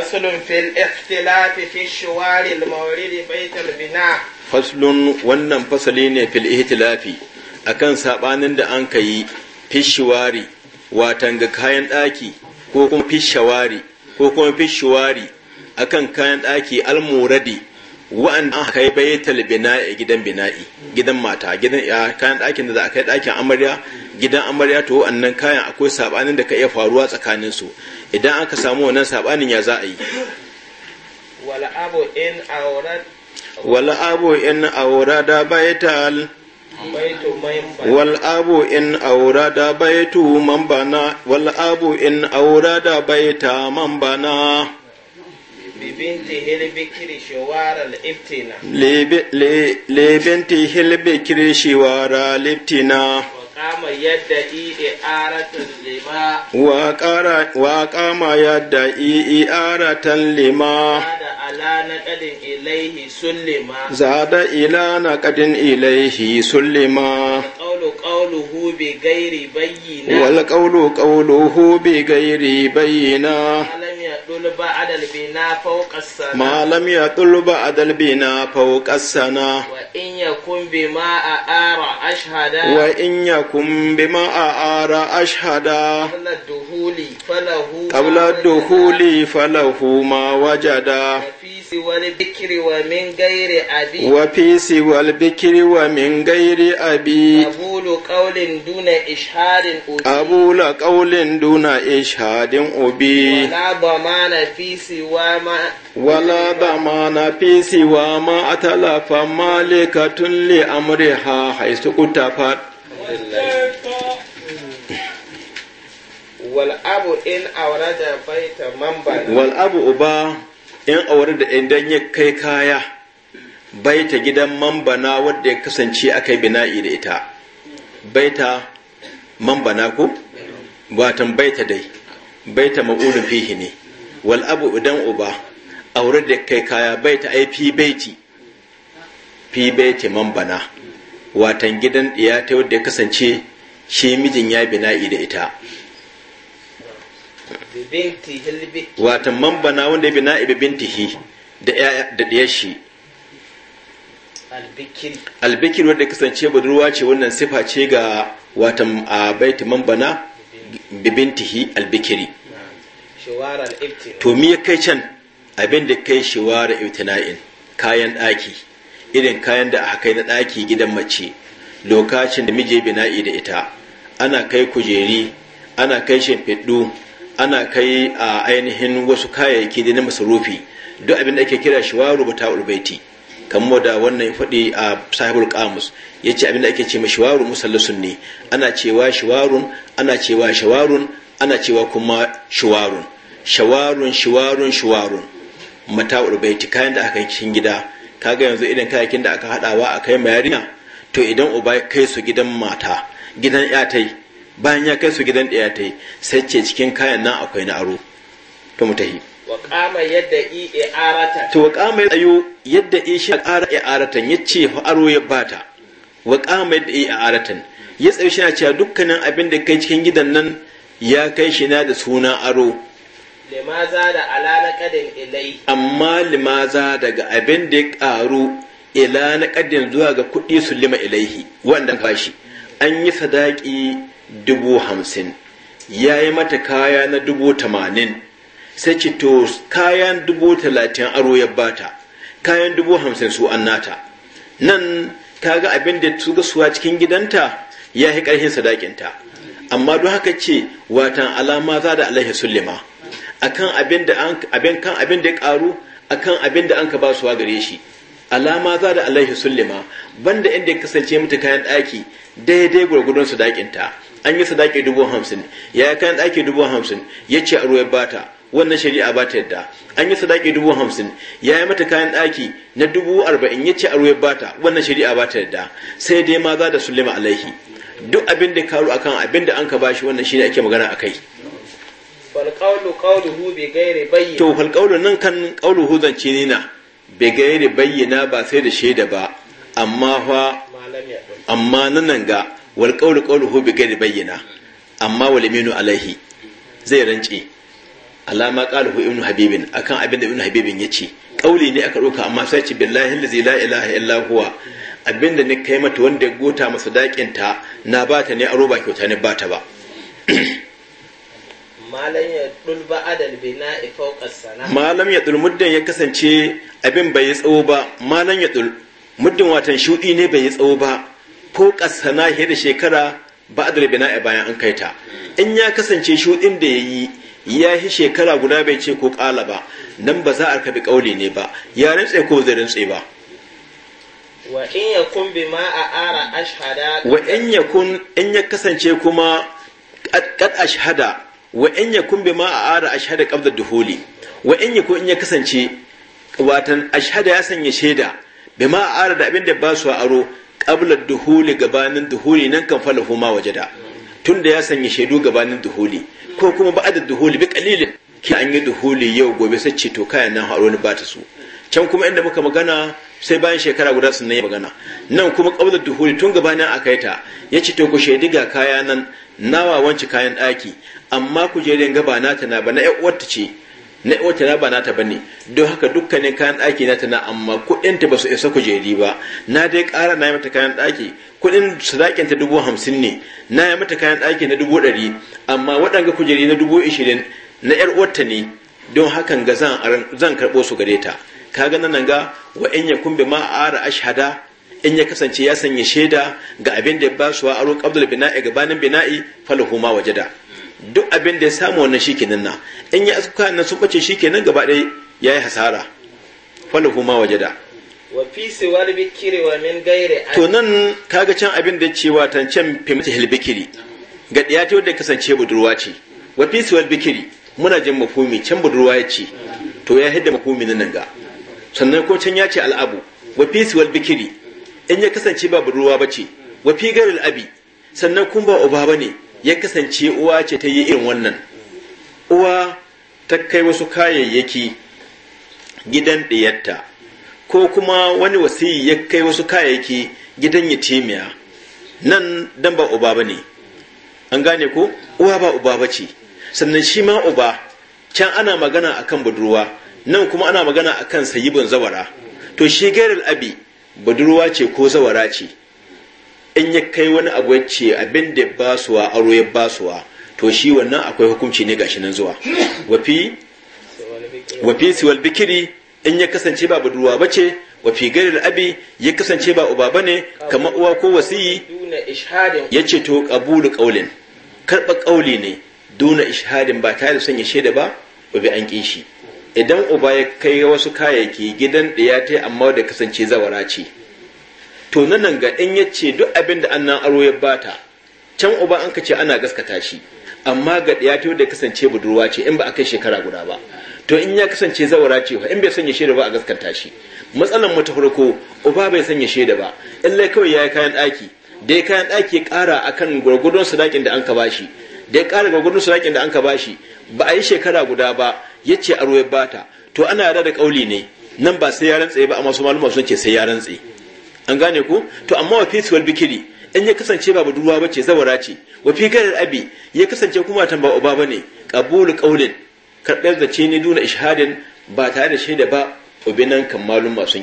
فصل في الاختلاف في الشوار المورد بيت البناء فصل wannan fasali ne fil ihtilafi akan sabanin da an kai fi shiwari watan ga kayan ɗaki ko kuma fi shawari akan kayan ɗaki almuradi wa'an an kai baitul bina'i gidan bina'i gidan mata gidan kayan dakin da za a kai dakin amarya gidan amarya to wannan kayan akwai sabanin da ka iya faruwa tsakanin su idan aka samu wannan sabanin ya za a yi wala abu in awrad wala abu in awrada baital wal abu in aurada baitu man bana wal abu in aurada baita man bana libinti hilbikiri shiwara liftina kama yadda i'aratan lima wa kama yadda i'aratan lima da ala naqadin ilaihi zada ila naqadin ilaihi sullima qawlu qawluhu bi ghairi bayyina wal qawlu bi gairi bayyina ma lam ya ba adalbina fauka sana wa in ya kumbi ma a ara ashada qabla duhuli falahu ma wajada wa fi siwal bikiri wa min gairi abi a bula kaulin duna ishadin obi wala ba mana ma a talafan malekatun le amuri ha haisu kutafat wal abu uba in aure da idan ya kai kaya baita gidan mambana wadda ya kasance aka yi bina'i da ita baita mambana ko watan baita dai baita ma'ulun fihi ne wal abu idan uba aure da kai kaya baita ai fi baiti fi baiti mambana watan gidan ɗiya ta wadda ya kasance shi mijin ya bina'i da ita wata mambana wanda ya bi na'ibi bintihi da da ɗaya shi albikir wanda kasance budurwa ce wannan sifa ce ga wata a baiti mambana bibintihi albikiri to mi ya kai can abin da kai shiwara ibtina'in kayan ɗaki irin kayan da aka kai na ɗaki gidan mace lokacin da mije bina'i da ita ana kai kujeri ana kai shimfiɗu ana kai a ainihin wasu kayayyaki da na masarufi duk abin da ake kira wa rubuta ulbaiti kamar da wannan faɗi a sahibul kamus ya ce abin da ake ce ma shiwaru musallasun ne ana cewa shiwarun ana cewa shawarun ana cewa kuma shiwarun shawarun shiwarun shiwarun mata ulbaiti kayan da aka cikin gida kaga yanzu idan kayakin da aka haɗawa a kai ma yarinya to idan uba kai su gidan mata gidan yatai bayan ya kai su gidan ɗaya ta yi sai ce cikin kayan nan akwai na aro to mu tahi wa kama yadda i to wa kama yadda i shi ƙara i'aratan ce fa aro ya bata wa kama yadda i i'aratan ya tsaye shi na cewa dukkanin abin da kai cikin gidan nan ya kai shi na da suna aro limaza da ala na naqadin ilai amma limaza daga abin da ya karu ila na naqadin zuwa ga kuɗi su lima ilaihi wanda bashi an yi sadaki dubu hamsin ya yi mata kaya na dubu tamanin sai ce to kayan dubu talatin aro ya bata kayan dubu hamsin su an nata nan ga abin da su gasuwa cikin gidanta ya yi ƙarfin sadakinta amma don haka ce watan alama za da alaihi sullima akan kan abin da ya karu akan abin da an ka basuwa gare shi alama za da alaihi sullima banda inda ya kasance mata kayan ɗaki daidai gwargwadon sadakinta an yi sadaki dubu hamsin ya yi kayan ɗaki dubu hamsin ya ce a ruwa bata wannan shari'a ba ta yadda an yi sadaki dubu hamsin ya yi mata kayan daki na dubu arba'in ya ce a ruwa bata wannan shari'a ba ta yadda sai dai maza da lima alaihi duk abin da karu akan abin da an ka bashi wannan shine ake magana a kai. to falqawlu nan kan qawluhu zance ne na bi ghairi ba sai da shaida ba amma fa amma nan ga wal qawlu qawluhu bi ghairi bayyina amma wal yaminu alaihi zai rance alama qaluhu ibnu habibin akan abin da ibnu habibin yace kauli ne aka ɗauka amma sai ce billahi allazi la ilaha illa huwa abinda ni kai mata wanda ya gota masa dakin ta na bata ne a roba kyauta ne bata ba malam ya dulba adal bina fawqa sana malam ya dul muddin ya kasance abin bai yi tsawo ba malam ya dul muddin watan shudi ne bai yi tsawo ba Ko sana fiye da shekara ba'adar bina'i bayan an kai ta in ya kasance shuɗin da ya yi ya yi shekara guda bai ce ko ƙala ba nan ba za a kabi kauli ne ba ya rintse ko zai rintse ba wa in ya kun bi ma a ara ashhada wa in ya kun in ya kasance kuma qad ashhada wa in ya kun bi ma a ara ashhada da duhuli wa in ya kun in ya kasance watan ashhada ya sanya shaida bi ma a ara da abin da ba su aro qabla duhuli gabanin duhuli nan kan falahu ma wajada tunda ya sanya shaidu gabanin duhuli ko kuma ba da duhuli bi qalilin ki an yi duhuli yau gobe sai ce to kayan nan haro ni bata su can kuma inda muka magana sai bayan shekara guda sannan ya magana nan kuma qabla duhuli tun gabanin yi ta ya ci to ku shaidi ga kaya nan nawa wanci kayan ɗaki amma kujerin gaba nata na bana ƴan uwarta ce na wata na ba nata bane don haka dukkanin kayan ɗaki ta na amma kuɗin ta basu isa kujeri ba na dai ƙara na yi mata kayan ɗaki kuɗin sadakin ta dubu hamsin ne na yi mata kayan ɗaki na dubu ɗari amma waɗanga kujeri na dubu ishirin na ƴar uwarta ne don hakan ga zan karɓo su gare ta kaga nan ga wa in ya kumbe ma ara ashada in ya kasance ya sanya shaida ga abin da ya ba su wa aro qabdul bina'i gabanin bina'i falahu ma wajada duk abin da ya samu wannan kenan na in ya asuka na sun bace kenan gaba ɗaya yayi hasara falahu kuma wajada wa fi siwal bikiri wa min gairi to nan kaga can abin da cewa tan can fi halbikiri. bikiri ga ɗaya ta wadda kasance budurwa ce wa fi siwal bikiri muna jin mafumi can budurwa ya ce to ya hidda na nan ga sannan ko can ya ce al'abu wa fi siwal bikiri in ya kasance ba budurwa ba ce wa fi gairi al'abi sannan kun ba uba ba ne ya kasance uwa ce ta yi irin wannan uwa ta kai wasu kayayyaki gidan ɗiyarta ko kuma wani wasiyi ya kai wasu kayayyaki gidan yatimiya nan dan ba uba ba ne an gane ko uwa ba uba ba ce sannan shi ma uba can ana magana akan budurwa nan kuma ana magana akan sayibin zawara to shi gairar abi budurwa ce ko zawara ce in ya kai wani abu ya ce abin da basuwa aro ya basuwa to shi wannan akwai hukunci ne gashi nan zuwa wafi siwal bikiri in ya kasance ba budurwa ba ce wafi gari abi ya kasance ba uba ba ne kamar uwa ko wasiyi ya ce to kabulu kaulin karɓa kauli ne duna ishadin ba tare da sanya shaida ba bi an shi idan uba ya kai wasu kayayyaki gidan ya ta amma da kasance zawara ce to nan ga in ya ce duk abin da annan aro ya bata can uba an ka ce ana gaskata shi amma ga ya ta da kasance budurwa ce in ba a kai shekara guda ba to in ya kasance zawara ce in bai sanya shaida ba a gaskata shi matsalan mu ta farko uba bai sanya shaida ba illai kawai ya yi kayan daki ya kayan daki ya kara akan gwargwadon sadakin da an ka bashi dai kara gwargwadon sadakin da an ka bashi ba a yi shekara guda ba yace aro ya bata to ana yarda da kauli ne nan ba sai ya rantse ba amma su maluma sun ce sai ya rantse an gane ku to amma wa fisuwar bikiri in ya kasance ba budurwa bace zawara ce wa fi garar abi ya kasance kuma tan ba ne bane qabulu qaulin karɓar zace ne duna ishadin ba tare da shaida ba obinan kan malum sun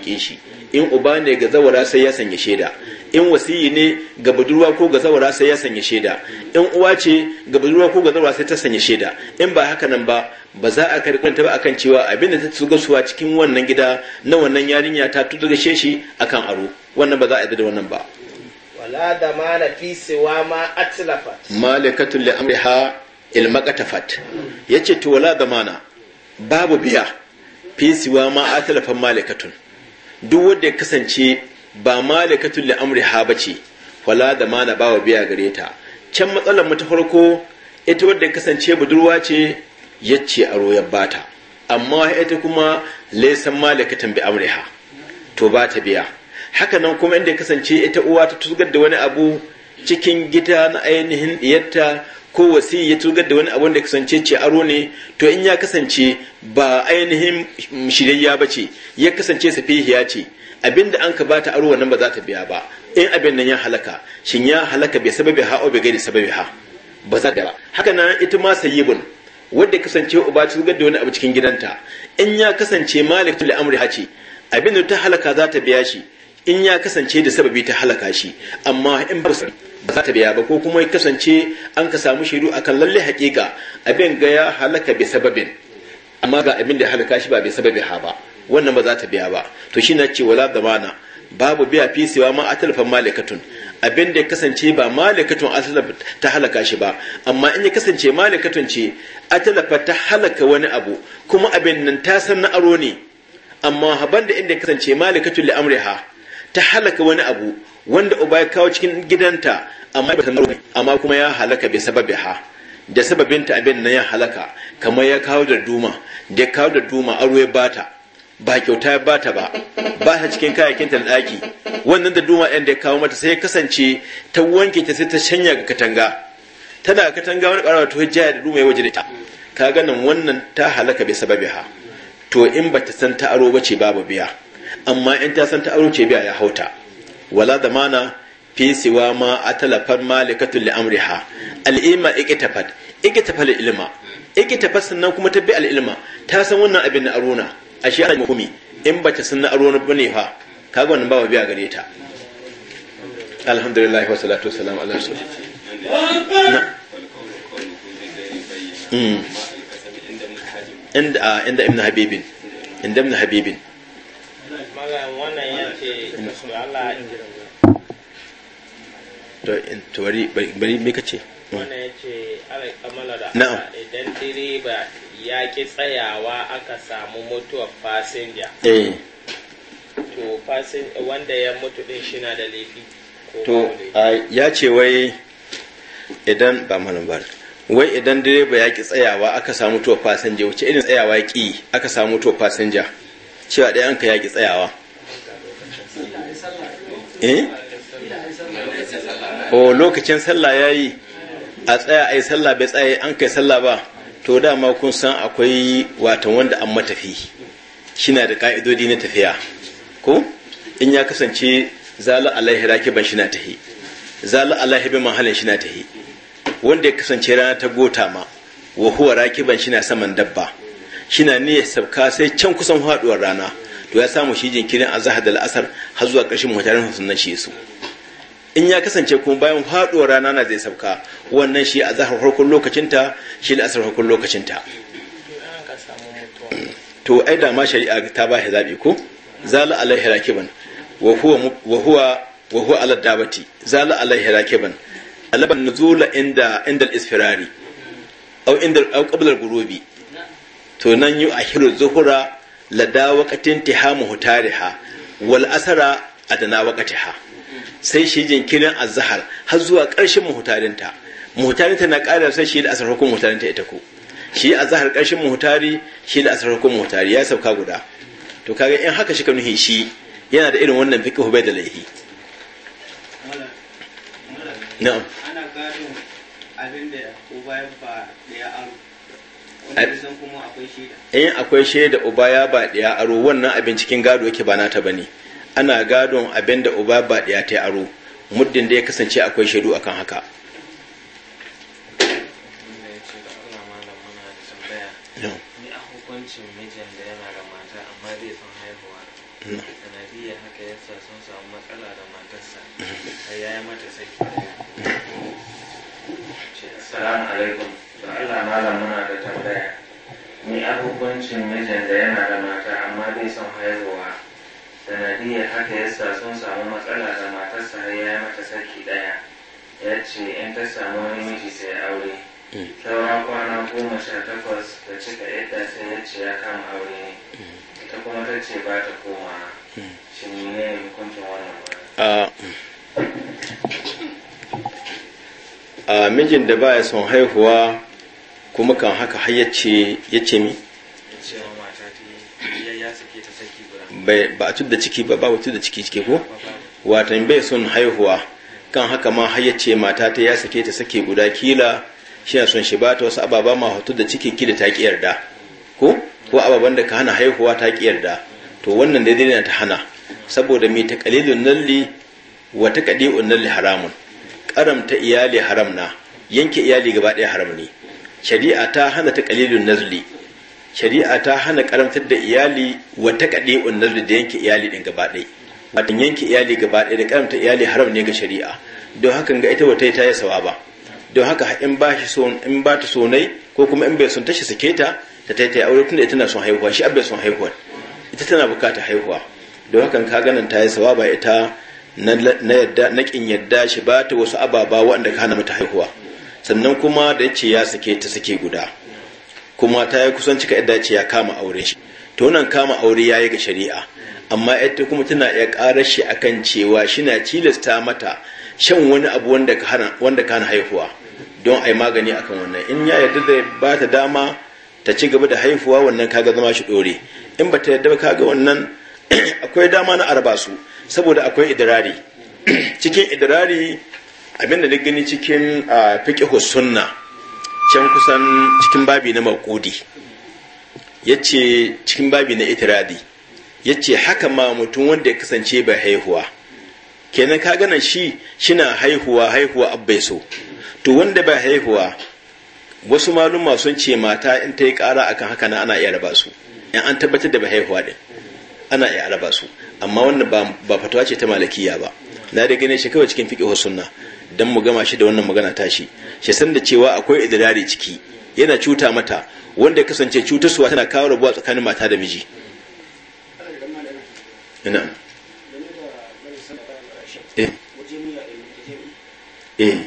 in uba ne ga zawara sai ya sanya shaida in wasiyi ne ga budurwa ko ga zawara sai ya sanya shaida in uwa ce ga budurwa ko ga zawara sai ta sanya shaida in ba haka nan ba ba za a karɓanta ba akan cewa abin da ta tsuga suwa cikin wannan gida na wannan yarinya ta sheshi shi akan aro wannan ba za a yi da wannan ba wala da mana fi siwa ma atlafat malikatun li amriha yace to wala da mana babu biya fi siwa ma atalafan malikatun duk wanda ya kasance ba malikatun da amri ha ba ce wala da ma na bawa biya gare ta can matsalar mu ta farko ita wanda ya kasance budurwa ce yace aro ya bata amma ita kuma laisan malikatun bi ha to ba ta biya hakanan kuma inda ya kasance ita uwa ta tuzgar da wani abu cikin gida na ainihin diyarta ko wasi ya tugar da wani abun da kasance ce aro ne to in ya kasance ba ainihin shiryayya ba ce ya kasance safihiya ce Abinda an ka bata aro wannan ba za ta biya ba in abin nan ya halaka shin ya halaka bai sababi ha o bai gani sababi ha ba za ta haka nan ita ma sayi sayyibun wanda kasance uba ta tugar da wani abu cikin gidanta in ya kasance malik tul amri ha ce abin da ta halaka za ta biya shi in ya kasance da sababi ta halaka shi amma in ba ba za ta biya ba ko kuma ya kasance an ka samu shaidu akan lalle hakika abin ga ya halaka bi sababin amma ga abin da ya halaka shi ba bi sababi ha ba wannan ba za ta biya ba to shi na ce wala damana babu biya fi siwa ma a atalfan malikatun abin da ya kasance ba malikatun a ta halaka shi ba amma in ya kasance malikatun ce atalafa ta halaka wani abu kuma abin nan ta san na aro ne amma haban da inda kasance malikatun li ta halaka wani abu wanda uba ya kawo cikin gidanta amma ba amma kuma ya halaka bai sababi ha da ta abin nan ya halaka kamar ya kawo da duma da ya kawo da duma aro ya bata ba kyauta ya bata ba ba ta cikin kayakin ta daki wannan da duma ɗin da ya kawo mata sai ya kasance ta wanke ta sai ta shanya ga katanga tana katanga wani ƙarawa ta hujja da duma ya waje da ta ka ganin wannan ta halaka bai sababi ha to in ba ta san ta aro ba ce babu biya amma in ta san ta aure ce biya ya hauta wala zamana fi siwa ma atalafar malikatul amriha al'ima ikitafat ikitafal ilma iqtafat sannan kuma tabbi al'ilma ilma ta san wannan abin na aruna ashe ana hukumi in bata san na aruna bane fa kaga wannan ba biya gare ta alhamdulillah wa salatu wa salam ala rasul hmm. ah, inda ibn habibin inda ibn habibin malam bari me kace wannan idan direba ya ki tsayawa aka samu mutuwar fasinja eh to fasin wanda ya mutu din shi da laifi to ya ce wai idan ba malam wai idan direba ya ki tsayawa aka samu mutuwar fasinja wace irin tsayawa ki aka samu mutuwar fasinja cewa ɗaya an ka yaƙi tsayawa eh o oh, lokacin sallah ya yi a tsaya a yi sallah bai tsaye an kai sallah ba to dama kun san akwai watan wanda an matafi shina da ka'idodi na tafiya ko in ya kasance zala alaihi rakiban shina tahi zala alaihi bi mahalin shina tahi wanda ya kasance rana ta gota ma wa huwa rakiban shina saman dabba shina niyyar sabka sai can kusan haɗuwar rana to ya samu shi jinkirin a zahar da al'asar har zuwa ƙarshen mutanen sunnan shi su in ya kasance kuma bayan faduwar rana na zai sabka wannan shi a zahar farkon lokacinta shi al'asar farkon lokacinta to ai da ma shari'a ta ba zabi ko zala alaihi rakiban wa huwa wa huwa wa huwa ala dabati zala alaihi rakiban alaban nuzula inda inda al-isfirari aw inda aw qabla al-ghurubi to nan a hiru zuhura lada waqatin tihamu ha wal asara adana ha sai shi jinkirin zahar, har zuwa ƙarshen muhutarinta. Muhutarinta na ƙara sai shi da asar hukun muhtarinta ita ko shi zahar ƙarshen muhutari, shi da asar hukun muhutari, ya sauka guda to kaga in haka shi ka nuhi shi yana da irin wannan fiqh hube da laihi na'am ana gado abin da ko ba in eh, akwai shaida uba ya ba ɗaya aro wannan abin cikin gado yake ba nata bane ana gadon abinda uba ba ɗaya ta aro muddin da ya kasance akwai shaidu akan haka hukuncin mijin da yana da mata amma zai son haihuwa sanadiyar haka yasa sun samu matsala da matarsa har mm-hmm. ya yi mata sai Allah malam muna da tambaya ni abubancin mijin da yana da mata amma bai son haihuwa sanadiyar haka yasa sun samu matsala da matarsa har ya mata sarki daya ya ce in ta samu wani miji sai aure mm. sauran kwana goma sha takwas da cika yadda sai ya ce ya kama aure ne mm. ita kuma ta ce ba ta koma mm. shi ne hukuncin wannan ba ah, ah, mijin da baya son haihuwa kuma kan haka har ya ce mi ba a da ciki ba ba da ciki cike ko watan bai son haihuwa kan haka ma har mata ta ya sake ta sake guda kila shi na son shi ba ta wasu ababa ma hutu da ciki kila ta ki yarda ko ko ababan da ka hana haihuwa ta ki yarda to wannan daidai na ta hana saboda mai ta kalilun nalli wa ta kadi'un nalli haramun karamta iyali haram na yanke iyali gaba ɗaya haram ne shari'a ta hana ta kalilun nazli shari'a ta hana karamtar da iyali wa ta un nazli da yanke iyali din gaba ɗaya yanke iyali gaba da karamta iyali haram ne ga shari'a don haka ga ita wata ta yi sawa ba don haka in ba shi so in ba ta so ko kuma in bai son tashi sake ta ta ta yi aure tunda ita na son haihuwa shi abin son haihuwa ita tana bukata haihuwa don haka ka ganin ta yi sawa ita na yadda na kin yadda shi ba ta wasu ababa waɗanda ka hana mata haihuwa sannan kuma da ce ya sake ta sake guda kuma ta yi kusan cika yadda ce ya kama aure shi to nan kama aure ya yi ga shari'a amma yadda kuma tana iya ƙarar shi akan cewa shi na cilasta mata shan wani abu wanda ka hana haihuwa don a yi magani akan wannan in ya yarda da ba ta dama ta ci gaba da haihuwa wannan kaga zama shi ɗore in ba ta yarda ba kaga wannan akwai dama na arba su saboda akwai idirari cikin idirari abinda na gani cikin fiqh sunna can kusan cikin babi na ya ce cikin babi na itiradi ce haka ma mutum wanda ya kasance bai haihuwa kenan ka gana shi shina haihuwa haihuwa abbai so to wanda bai haihuwa wasu maluma sun ce mata in ta yi kara akan haka na ana iya raba su in an tabbatar da bai haihuwa din ana iya raba su amma wannan ba fatawa ce ta malakiya ba na da gane shi kawai cikin fiƙi sunna don mu gama shi da wannan magana tashi shi san da cewa akwai idrari ciki yana cuta mata wanda kasance cutarsuwa tana kawo rabuwa tsakanin mata da miji ina eh eh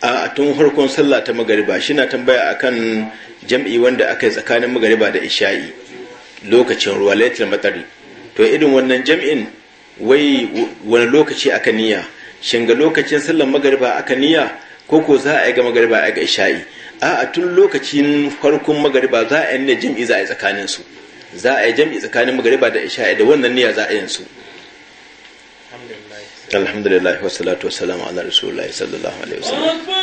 a tun farkon sallah ta magariba shi na tambaya akan jam'i wanda aka yi tsakanin magariba da isha'i lokacin ruwa laitar matsari to irin wannan jam'in wai wani lokaci aka niya, shin ga lokacin sallar magariba aka niya, ko ko za a yi ga magariba a ga isha'i a tun lokacin farkon magariba za a yi jam'i za a yi tsakanin su za a yi jam'i tsakanin magariba da isha'i da wannan niya za a yi su alhamdulillah wa salam ala rasulillah sallallahu alaihi wasallam